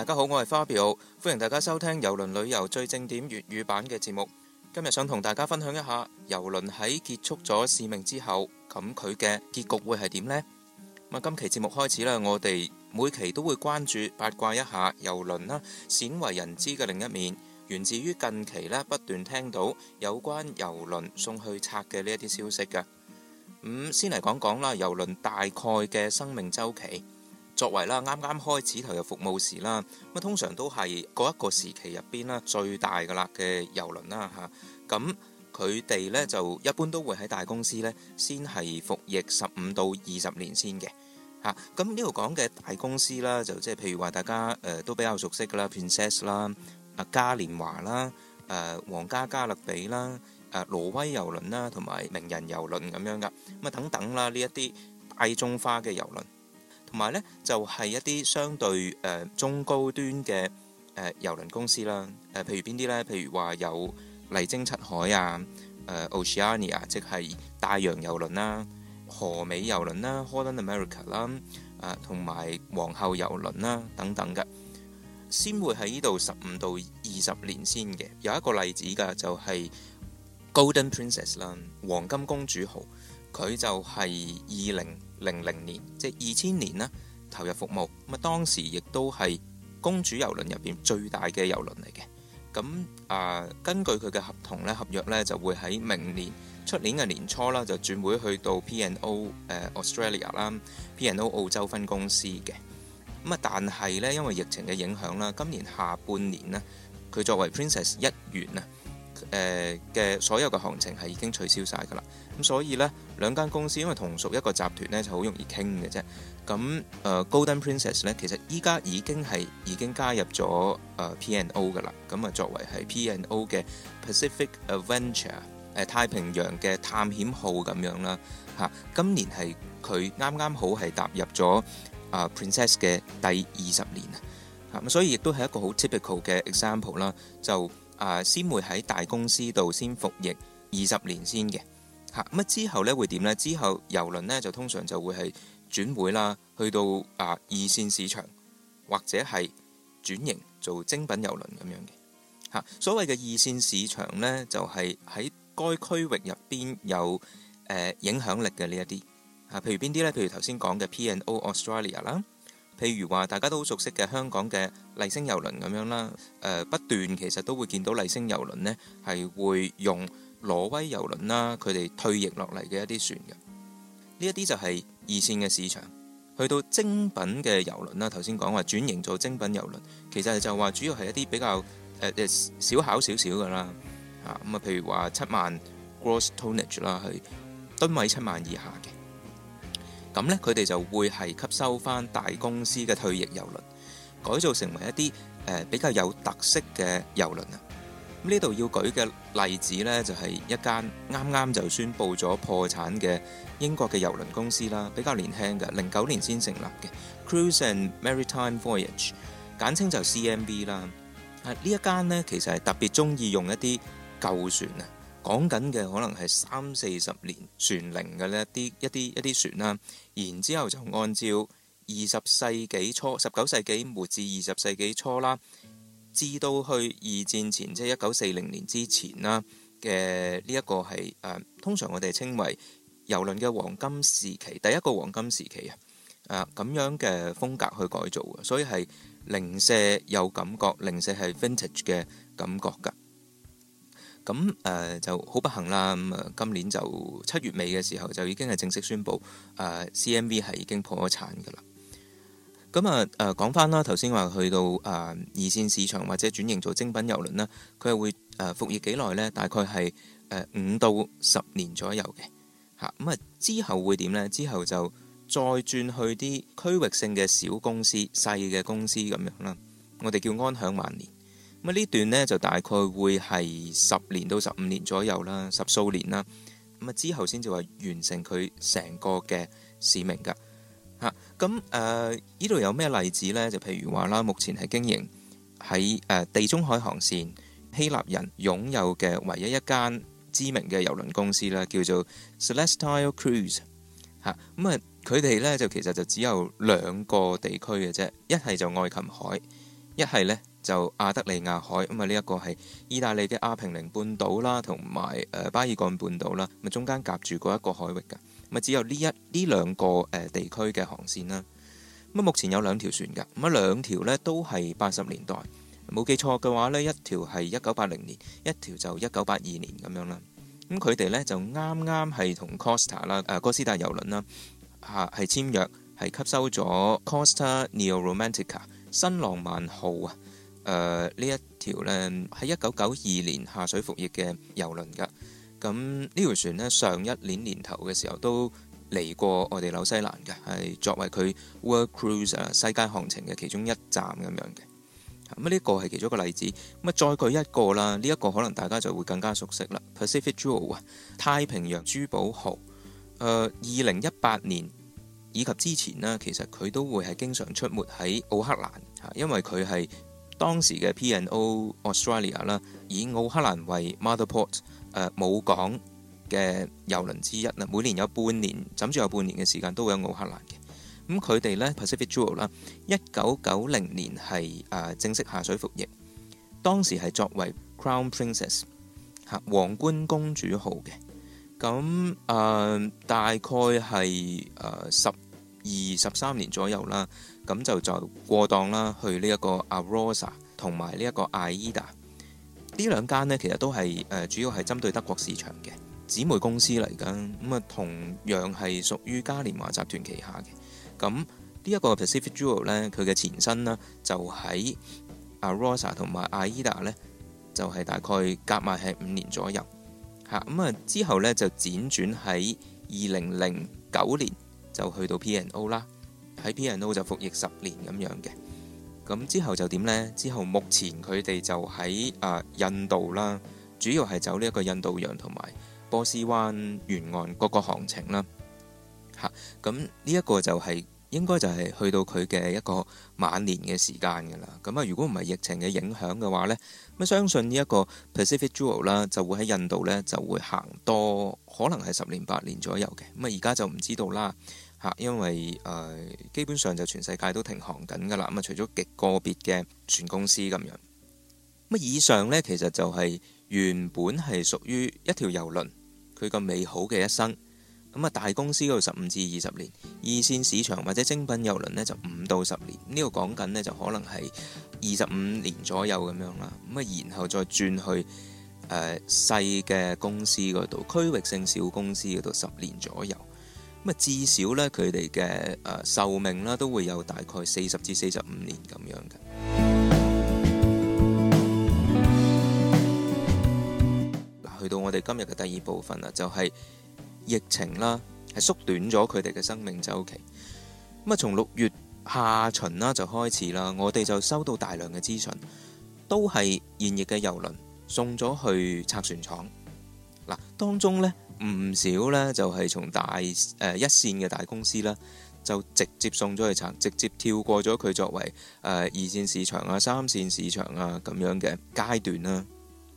大家好，我係花表，歡迎大家收聽遊輪旅遊最正點粵語版嘅節目。今日想同大家分享一下遊輪喺結束咗使命之後，咁佢嘅結局會係點呢？咁今期節目開始啦，我哋每期都會關注八卦一下遊輪啦，鮮為人知嘅另一面，源自於近期呢不斷聽到有關遊輪送去拆嘅呢一啲消息嘅。咁先嚟講講啦，遊輪大概嘅生命周期。作為啦，啱啱開始投入服務時啦，咁通常都係嗰一個時期入邊啦，最大嘅啦嘅遊輪啦嚇，咁佢哋咧就一般都會喺大公司咧先係服役十五到二十年先嘅嚇，咁呢度講嘅大公司啦，就即係譬如話大家誒都比較熟悉嘅啦，Princess 啦、嘉年華啦、誒皇家加勒比啦、啊挪威遊輪啦，同埋名人遊輪咁樣噶，咁啊等等啦，呢一啲大眾化嘅遊輪。同埋咧，就係、是、一啲相對誒、呃、中高端嘅誒遊輪公司啦。誒、呃，譬如邊啲咧？譬如話有麗晶七海啊、誒、呃、Oceania，即係大洋遊輪啦、河美遊輪啦、Holland America 啦，啊，同、呃、埋皇后遊輪啦等等嘅，先會喺呢度十五到二十年先嘅。有一個例子嘅就係、是、Golden Princess 啦、啊，黃金公主號。佢就係二零零零年，即係二千年啦，投入服務。咁啊，當時亦都係公主遊輪入邊最大嘅遊輪嚟嘅。咁啊、呃，根據佢嘅合同咧、合約咧，就會喺明年出年嘅年初啦，就轉會去到 P&O、呃、誒 Australia 啦，P&O 澳洲分公司嘅。咁啊，但係咧，因為疫情嘅影響啦，今年下半年咧，佢作為 Princess 一員啊。誒嘅所有嘅行程係已經取消晒㗎啦，咁所以呢，兩間公司因為同屬一個集團呢，就好容易傾嘅啫。咁誒、呃、Golden Princess 呢，其實依家已經係已經加入咗誒 PNO 嘅啦。咁、呃、啊作為係 PNO 嘅 Pacific Adventure 誒太平洋嘅探險號咁樣啦嚇、啊，今年係佢啱啱好係踏入咗誒、啊、Princess 嘅第二十年啊，咁所以亦都係一個好 typical 嘅 example 啦就。啊，先會喺大公司度先服役二十年先嘅，嚇咁之後咧會點咧？之後遊輪咧就通常就會係轉會啦，去到啊二線市場或者係轉型做精品遊輪咁樣嘅嚇。所謂嘅二線市場咧，就係喺該區域入邊有誒影響力嘅呢一啲嚇，譬如邊啲咧？譬如頭先講嘅 P&O Australia 啦。譬如話，大家都好熟悉嘅香港嘅麗星遊輪咁樣啦，誒、呃、不斷其實都會見到麗星遊輪呢係會用挪威遊輪啦，佢哋退役落嚟嘅一啲船嘅。呢一啲就係二線嘅市場，去到精品嘅遊輪啦。頭先講話轉型做精品遊輪，其實就話主要係一啲比較誒小巧少少㗎啦，嚇、呃、咁啊，譬如話七萬 gross tonnage 啦，係噸位七萬以下嘅。咁呢，佢哋就會係吸收翻大公司嘅退役郵輪，改造成為一啲誒比較有特色嘅郵輪啊！咁呢度要舉嘅例子呢，就係一間啱啱就宣佈咗破產嘅英國嘅郵輪公司啦，比較年輕㗎，零九年先成立嘅 Cruise and Maritime Voyage，簡稱就 CMV 啦。呢一間呢，其實係特別中意用一啲舊船啊！講緊嘅可能係三四十年船齡嘅呢啲一啲一啲船啦，然之後就按照二十世紀初、十九世紀末至二十世紀初啦，至到去二戰前，即係一九四零年之前啦嘅呢一個係誒，通常我哋稱為遊輪嘅黃金時期，第一個黃金時期啊，誒咁樣嘅風格去改造嘅，所以係零舍有感覺，零舍係 vintage 嘅感覺㗎。咁誒就好不幸啦，咁啊今年就七月尾嘅時候就已經係正式宣布誒 CMB 係已經破產㗎啦。咁啊誒講翻啦，頭先話去到誒二線市場或者轉型做精品遊輪啦，佢係會誒服役幾耐咧？大概係誒五到十年左右嘅嚇。咁啊之後會點咧？之後就再轉去啲區域性嘅小公司、細嘅公司咁樣啦。我哋叫安享萬年。咁呢段呢就大概會係十年到十五年左右啦，十數年啦。咁啊之後先至話完成佢成個嘅使命噶。吓，咁誒呢度有咩例子呢？就譬如話啦，目前係經營喺誒地中海航線，希臘人擁有嘅唯一一間知名嘅郵輪公司啦，叫做 Celestial Cruise。吓咁啊佢哋呢就其實就只有兩個地區嘅啫，一係就愛琴海，一係呢，就亞得里亞海咁啊！呢一個係意大利嘅亞平寧半島啦，同埋誒巴爾干半島啦，咁中間夾住嗰一個海域㗎。咁啊，只有呢一呢兩個誒地區嘅航線啦。咁啊，目前有兩條船㗎。咁啊，兩條呢都係八十年代，冇記錯嘅話呢，一條係一九八零年，一條就一九八二年咁樣啦。咁佢哋呢就啱啱係同 Costa 啦，誒哥斯達遊輪啦，啊係簽約係吸收咗 Costa Neo Romantica 新浪漫號啊！誒、呃、呢一條咧喺一九九二年下水服役嘅遊輪㗎，咁呢條船呢，上一年年頭嘅時候都嚟過我哋紐西蘭嘅，係作為佢 World Cruise 啊世界航程嘅其中一站咁樣嘅。咁、嗯、呢、呢個係其中一個例子，咁、嗯、啊再舉一個啦，呢、呢、一個可能大家就會更加熟悉啦，Pacific Jewel 啊太平洋珠寶號，誒二零一八年以及之前呢，其實佢都會係經常出沒喺奧克蘭嚇，因為佢係。當時嘅 P&O Australia 啦，以奧克蘭為 mother port，誒母港嘅遊輪之一啦，每年有半年，甚至有半年嘅時間都會有奧克蘭嘅。咁佢哋咧 Pacific Jewel 啦，一九九零年係誒、呃、正式下水服役，當時係作為 Crown Princess 嚇皇冠公主號嘅。咁、嗯、誒、呃、大概係誒十，呃二十三年左右啦，咁就就過檔啦，去呢一個 Arosa 同埋呢一個 Aida，呢兩間呢，其實都係誒、呃、主要係針對德國市場嘅姊妹公司嚟噶，咁啊同樣係屬於嘉年華集團旗下嘅。咁呢一個 Pacific Jewel 呢，佢嘅前身呢，就喺 Arosa 同埋 Aida 呢，就係、是、大概夾埋係五年左右嚇，咁、嗯、啊之後呢，就輾轉喺二零零九年。就去到 P&O 啦，喺 P&O 就服役十年咁樣嘅，咁之後就點呢？之後目前佢哋就喺印度啦，主要係走呢一個印度洋同埋波斯灣沿岸各個行程啦，吓，咁呢一個就係、是。應該就係去到佢嘅一個晚年嘅時間㗎啦。咁啊，如果唔係疫情嘅影響嘅話呢，咁相信呢一個 Pacific Jewel 啦，就會喺印度呢就會行多可能係十年八年左右嘅。咁啊而家就唔知道啦嚇，因為誒、呃、基本上就全世界都停航緊㗎啦。咁啊除咗極個別嘅船公司咁樣。咁以上呢，其實就係原本係屬於一條遊輪佢個美好嘅一生。咁啊，大公司嗰度十五至二十年，二線市場或者精品郵輪呢就五到十年。呢個講緊呢，就可能係二十五年左右咁樣啦。咁啊，然後再轉去誒細嘅公司嗰度，區域性小公司嗰度十年左右。咁啊，至少呢，佢哋嘅誒壽命啦，都會有大概四十至四十五年咁樣嘅。嗱，去到我哋今日嘅第二部分啦，就係。疫情啦，係縮短咗佢哋嘅生命周期。咁啊，從六月下旬啦就開始啦，我哋就收到大量嘅資訊，都係現役嘅遊輪送咗去拆船廠。嗱，當中呢，唔少呢，就係從大誒一線嘅大公司啦，就直接送咗去拆，直接跳過咗佢作為誒二線市場啊、三線市場啊咁樣嘅階段啦。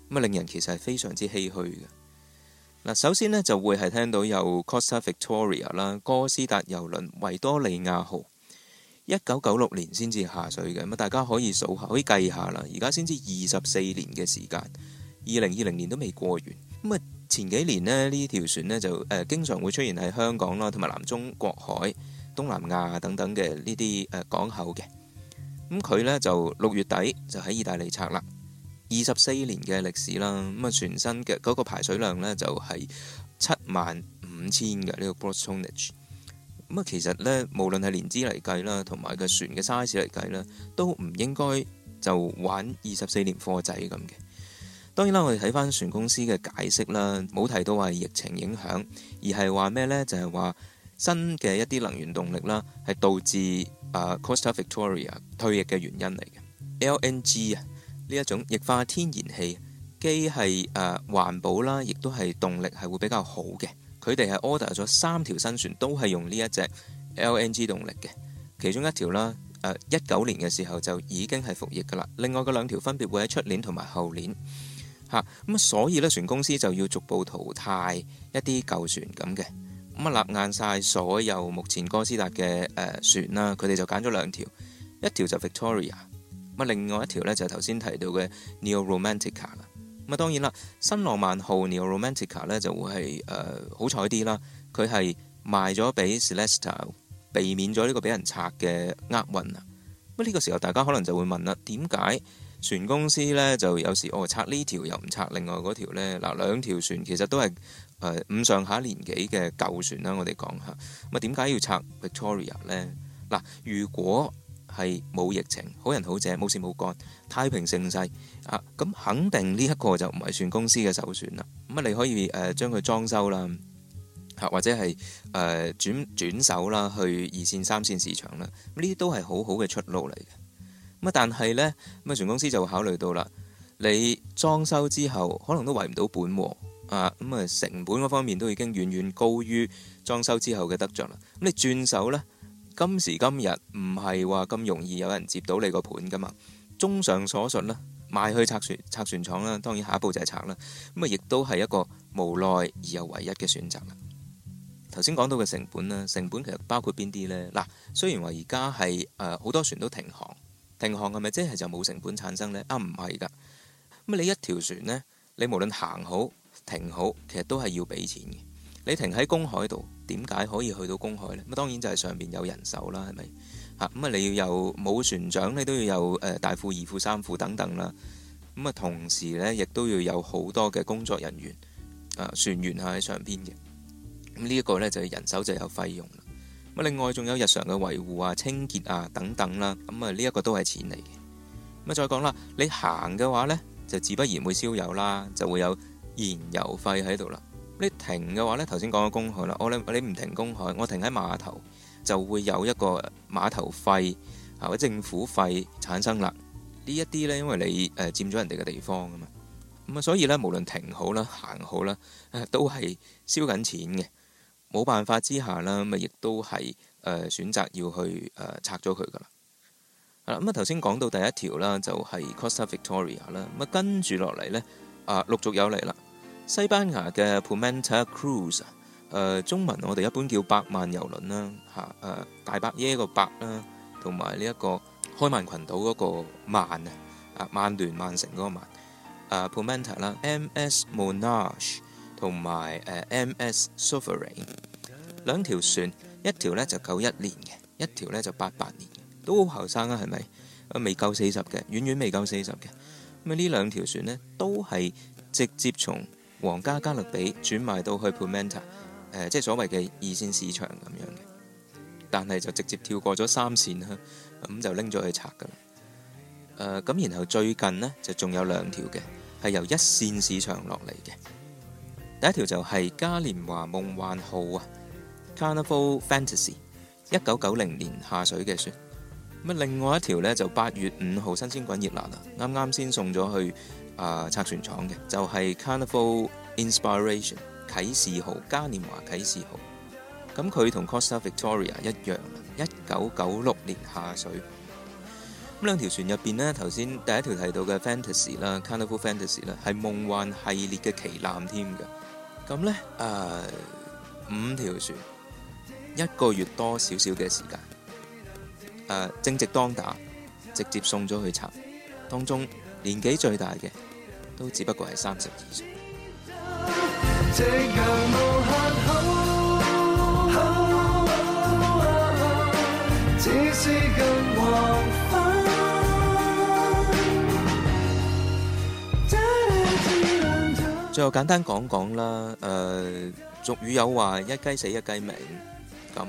咁啊，令人其實係非常之唏嘘嘅。嗱，首先呢，就會係聽到有 Costa Victoria 啦，哥斯達遊輪維多利亞號，一九九六年先至下水嘅，咁大家可以數下，可以計下啦，而家先至二十四年嘅時間，二零二零年都未過完，咁啊，前幾年咧呢條船呢，就誒經常會出現喺香港啦，同埋南中國海、東南亞等等嘅呢啲誒港口嘅，咁佢呢，就六月底就喺意大利拆啦。二十四年嘅歷史啦，咁啊，全新嘅嗰個排水量咧就係七萬五千嘅呢個 gross tonnage 咁啊，其實咧，無論係年資嚟計啦，同埋個船嘅 size 嚟計啦，都唔應該就玩二十四年貨仔咁嘅。當然啦，我哋睇翻船公司嘅解釋啦，冇提到話疫情影響，而係話咩咧？就係話新嘅一啲能源動力啦，係導致啊 Costa Victoria 退役嘅原因嚟嘅 LNG 啊。呢一種液化天然氣機係誒環保啦，亦都係動力係會比較好嘅。佢哋係 order 咗三條新船，都係用呢一隻 LNG 動力嘅。其中一條啦，誒一九年嘅時候就已經係服役㗎喇。另外嘅兩條分別會喺出年同埋後年嚇。咁所以咧，船公司就要逐步淘汰一啲舊船咁嘅。咁啊，立硬晒所有目前哥斯達嘅誒船啦，佢哋就揀咗兩條，一條就 Victoria。咁另外一條呢，就係頭先提到嘅 Neo Romantica 啦。咁啊，當然啦，新浪漫號 Neo Romantica 呢，就會係誒好彩啲啦，佢、呃、係賣咗俾 Celesta 避免咗呢個俾人拆嘅厄運啊。咁、這、呢個時候大家可能就會問啦，點解船公司呢？就有時哦拆呢條又唔拆另外嗰條咧？嗱，兩條船其實都係誒、呃、五上下年紀嘅舊船啦，我哋講下。咁啊，點解要拆 Victoria 呢？嗱，如果係冇疫情，好人好者冇事冇干，太平盛世啊！咁肯定呢一個就唔係船公司嘅首選啦。咁啊，你可以誒將佢裝修啦，嚇、啊、或者係誒轉轉手啦，去二線、三線市場啦。呢啲都係好好嘅出路嚟嘅。咁啊，但係呢，咁啊，船公司就會考慮到啦，你裝修之後可能都維唔到本喎啊！咁、嗯、啊，成本嗰方面都已經遠遠高於裝修之後嘅得着啦。咁你轉手呢？今時今日唔係話咁容易有人接到你個盤噶嘛？綜上所述呢，賣去拆船拆船廠啦，當然下一步就係拆啦。咁啊，亦都係一個無奈而又唯一嘅選擇啦。頭先講到嘅成本啦，成本其實包括邊啲呢？嗱，雖然話而家係誒好多船都停航，停航係咪即係就冇成本產生呢？啊，唔係噶。咁你一條船呢，你無論行好停好，其實都係要俾錢嘅。你停喺公海度，點解可以去到公海呢？咁當然就係上面有人手啦，係咪？咁啊，你要有冇船長你都要有大副、二副、三副等等啦。咁啊，同時呢，亦都要有好多嘅工作人員啊，船員係喺上邊嘅。咁呢一個呢，就係人手就有費用啦。咁另外仲有日常嘅維護啊、清潔啊等等啦。咁啊，呢一個都係錢嚟嘅。咁再講啦，你行嘅話呢，就自不然會燒油啦，就會有燃油費喺度啦。你停嘅話咧，頭先講咗公海啦，我你你唔停公海，我停喺碼頭就會有一個碼頭費啊，或者政府費產生啦。呢一啲咧，因為你誒佔咗人哋嘅地方啊嘛，咁啊所以咧，無論停好啦、行好啦，都係燒緊錢嘅。冇辦法之下啦，咁啊亦都係誒選擇要去誒拆咗佢噶啦。啊咁啊，頭先講到第一條啦，就係 Costa Victoria 啦。咁啊跟住落嚟咧啊，陸續有嚟啦。西班牙嘅 Pullmantur Cruise，誒、呃、中文我哋一般叫百萬遊輪啦，嚇、啊、誒大伯爺個伯啦，同埋呢一個開曼群島嗰個曼啊，啊曼聯曼城嗰個曼、啊啊，Pullmantur 啦、啊，M.S. Monarch 同、啊、埋誒 M.S. Sovereign 兩條船，一條咧就九一年嘅，一條咧就八八年嘅，都好後生啊，係咪？未夠四十嘅，遠遠未夠四十嘅。咁啊呢兩條船咧都係直接從皇家加勒比轉賣到去 Pullmantur、呃、即係所謂嘅二線市場咁樣嘅，但係就直接跳過咗三線啦，咁、嗯、就拎咗去拆噶啦。誒、呃、咁，然後最近呢，就仲有兩條嘅係由一線市場落嚟嘅，第一條就係嘉年華夢幻號啊，Carnival Fantasy，一九九零年下水嘅船。咁、嗯、另外一條呢，就八月五號新鮮滾熱辣啦，啱啱先送咗去。啊、呃！拆船廠嘅就係、是、Carnival Inspiration 啟示號，嘉年華啟示號，咁佢同 Costa Victoria 一樣，一九九六年下水。咁兩條船入邊呢，頭先第一條提到嘅 Fantasy 啦，Carnival Fantasy 啦，係夢幻系列嘅旗艦添㗎。咁咧，誒、呃、五條船一個月多少少嘅時間、呃，正值當打，直接送咗去拆，當中，年紀最大嘅都只不過係三十二歲。最後簡單講講啦，誒、呃、俗語有話一雞死一雞鳴，咁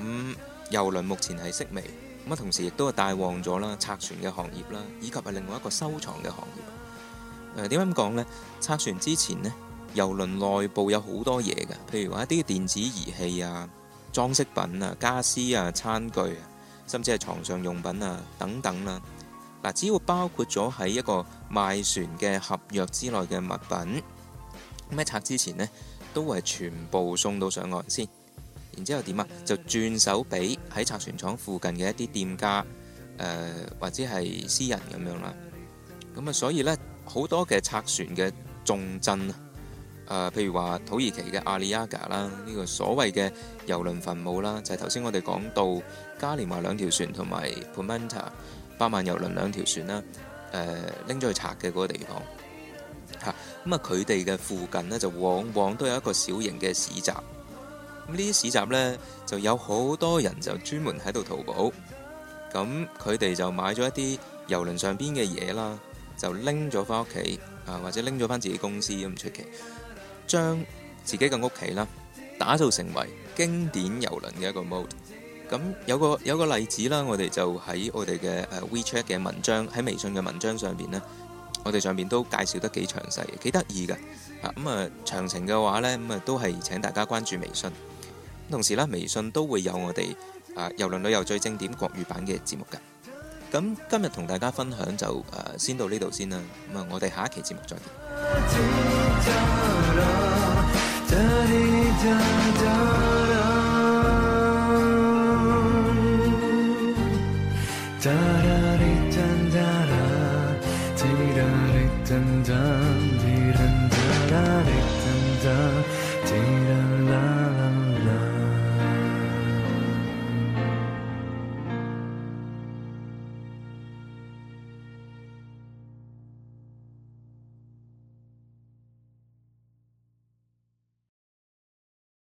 遊輪目前係式微。咁同時亦都係大旺咗啦，拆船嘅行業啦，以及係另外一個收藏嘅行業。誒點解咁講呢？拆船之前呢，遊輪內部有好多嘢嘅，譬如話一啲電子儀器啊、裝飾品啊、家私啊、餐具啊，甚至係床上用品啊等等啦。嗱，只要包括咗喺一個賣船嘅合約之內嘅物品，咁喺拆之前呢，都係全部送到上岸先。然之後點啊？就轉手俾喺拆船廠附近嘅一啲店家，誒、呃、或者係私人咁樣啦。咁啊，所以呢，好多嘅拆船嘅重鎮譬、呃、如話土耳其嘅阿里亞加啦，呢、這個所謂嘅遊輪墳墓啦，就係頭先我哋講到嘉年華兩條船同埋 Pomanta 百萬遊輪兩條船啦，拎、呃、咗去拆嘅嗰個地方，嚇咁啊佢哋嘅附近呢，就往往都有一個小型嘅市集。咁呢啲市集呢，就有好多人就專門喺度淘寶。咁佢哋就買咗一啲遊輪上邊嘅嘢啦，就拎咗翻屋企啊，或者拎咗翻自己公司咁出奇，將自己嘅屋企啦打造成為經典遊輪嘅一個 mode。咁有個有個例子啦，我哋就喺我哋嘅 WeChat 嘅文章喺微信嘅文章上面呢，我哋上面都介紹得幾詳細，幾得意噶。啊咁啊，呃、詳情嘅話呢，咁啊都係請大家關注微信。同時咧，微信都會有我哋啊遊輪旅遊最正點國語版嘅節目㗎。咁今日同大家分享就誒、啊、先到呢度先啦。咁啊，我哋下一期節目再見。